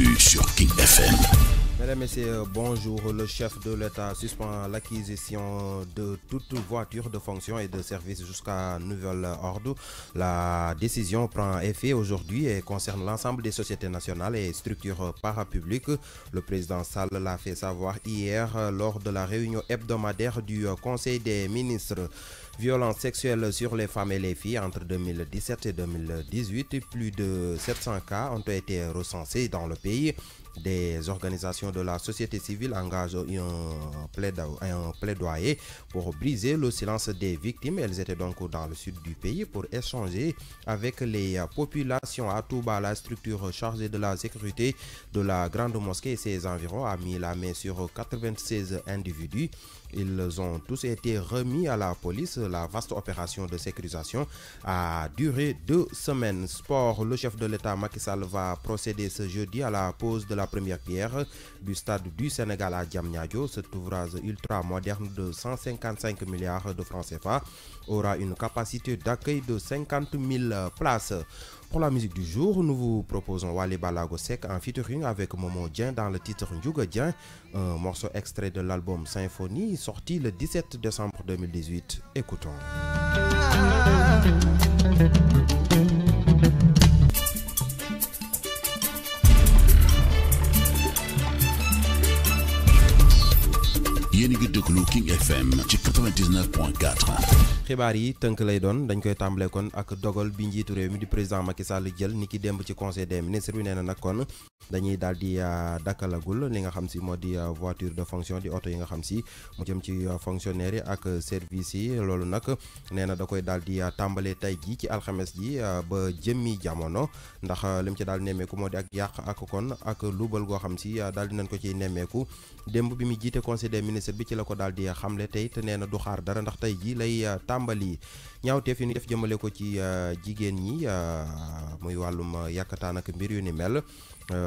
l'actu sur King FM. Mesdames, et Messieurs, bonjour. Le chef de l'État suspend l'acquisition de toute voiture de fonction et de service jusqu'à nouvel ordre. La décision prend effet aujourd'hui et concerne l'ensemble des sociétés nationales et structures parapubliques. Le président Sall l'a fait savoir hier lors de la réunion hebdomadaire du Conseil des ministres violences sexuelles sur les femmes et les filles entre 2017 et 2018. Plus de 700 cas ont été recensés dans le pays des organisations de la société civile engagent un plaidoyer pour briser le silence des victimes. Elles étaient donc dans le sud du pays pour échanger avec les populations. À bas, la structure chargée de la sécurité de la Grande Mosquée et ses environs a mis la main sur 96 individus. Ils ont tous été remis à la police. La vaste opération de sécurisation a duré deux semaines. Sport, le chef de l'État Macky Sall va procéder ce jeudi à la pause de première pierre du stade du Sénégal à Diamniadio. Cet ouvrage ultra-moderne de 155 milliards de francs CFA aura une capacité d'accueil de 50 000 places. Pour la musique du jour, nous vous proposons Wale Balago sec en featuring avec Momo Dien dans le titre Ndjouga un morceau extrait de l'album Symphonie sorti le 17 décembre 2018. Écoutons. déglu King FM ci 99.4. xibaar yi tënk lay doon dañ koy tambalee kon ak dogal bi njiitu réew mi di président Macky Sall jël ni ki démb ci conseil des ministres bi nee na nag kon. dañuy dal di euh, dakalagul li nga xam si moo di euh, voiture de fonction di auto yi nga xam si mu jëm ci euh, fonctionnaire yi ak service yi loolu nag nee na da koy daal di tàmbalee tey ji ci alxames ji ba jëmmi jamono ndax lim ci daal nemmeeku moo di ak yàq ak kon ak lubal goo xam si dal di ko ciy nemmeeku démb bi mu jiite conseil des ministres bi ci la ko daal di xamle tey te nee na du xaar dara ndax tey ji lay tàmbali ñaawteef yi ñu def jëmale ko ci jigéen ñi muy wàllum yàkkataan ak mbir yu ni mel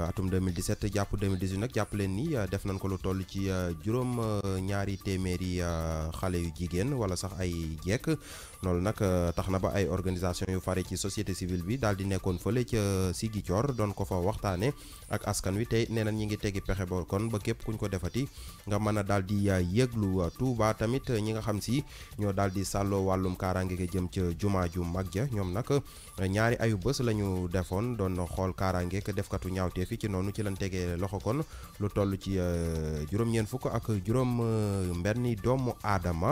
atum 2017 jàpp 2018 nag jàpp leen ni euh, def nañ ko lu toll ci euh, juróom euh, ñaari téeméeri xale yu jigéen wala sax ay jekk loolu nag tax na ba ay organisation yu fare ci société civile bi daal di nekkoon fële ca Sigicoor doon ko fa waxtaane ak askan wi tey nee nañ ñi ngi tegi pexe ba kon ba képp kuñ ko defati nga mën a daal di yëglu Touba tamit ñi nga xam si ñoo daal di sàlloo wàllum kaaraange ga jëm ca jumaa ju mag ja ñoom nag ñaari ayu bës lañu defoon doon xool kaaraange fi ci noonu ci lan tegee loxo kon lu toll ci euh, juróom-ñeent fukk ak juróom euh, mbenni doomu aadama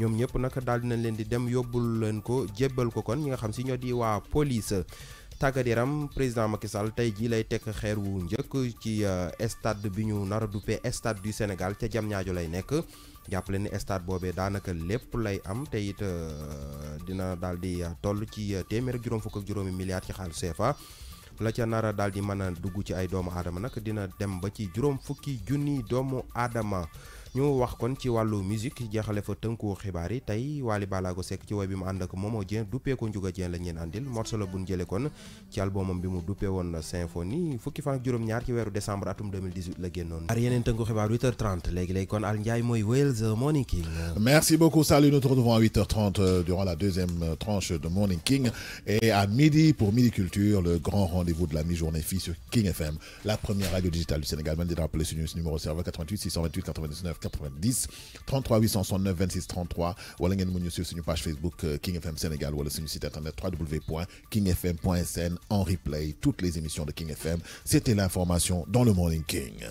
ñoom ñëpp nag daal dinañ leen di dem yóbbul leen ko jébbal ko kon ñi nga xam si ñoo di waa police tàggat yaram président Macky Sall tey jii lay tekk xeer wu njëkk ci euh, stade bi ñu nara a duppee stade du Sénégal ca Diamniadio lay nekk jàppale ni stade boobee daanaka lépp lay am teyit it dina daal di toll ci téeméer ak juróom fukk ak juróomi milliards ci xaalis CFA. la ca nara daal di mën dugg ci ay doomu aadama nag dina dem ba ci juróom fukki junni doomu aadama ñu wax kon ci wàllu musique jeexale fa tënku xibaar yi tey Wally Ballago Seck ci way bi mu ànd ak Momo Dieng duppee ko Ndiouga Dieng la ñeen àndil morceau la bu ñu kon ci albumam bi mu duppee woon symphonie fukki fan ak juróom-ñaar ci weeru décembre 2018 la génnoon. ar yeneen tënku xibaar 8h30 léegi lay kon Al Ndiaye mooy wales Morning King. merci beaucoup Salut. nous retrouvons à 8h30 euh, durant la deuxième euh, tranche de Morning King et à midi pour Midi Culture le grand rendez-vous de la mi-journée fille sur King FM la première radio digitale du Sénégal man di rappeler suñu numéro serveur 88 628 99. 90 33 869 26 33 wala ngeen mën ñu sur page Facebook euh, King FM Sénégal wala suñu site internet www.kingfm.sn en replay toutes les émissions de King FM c'était l'information dans le Morning King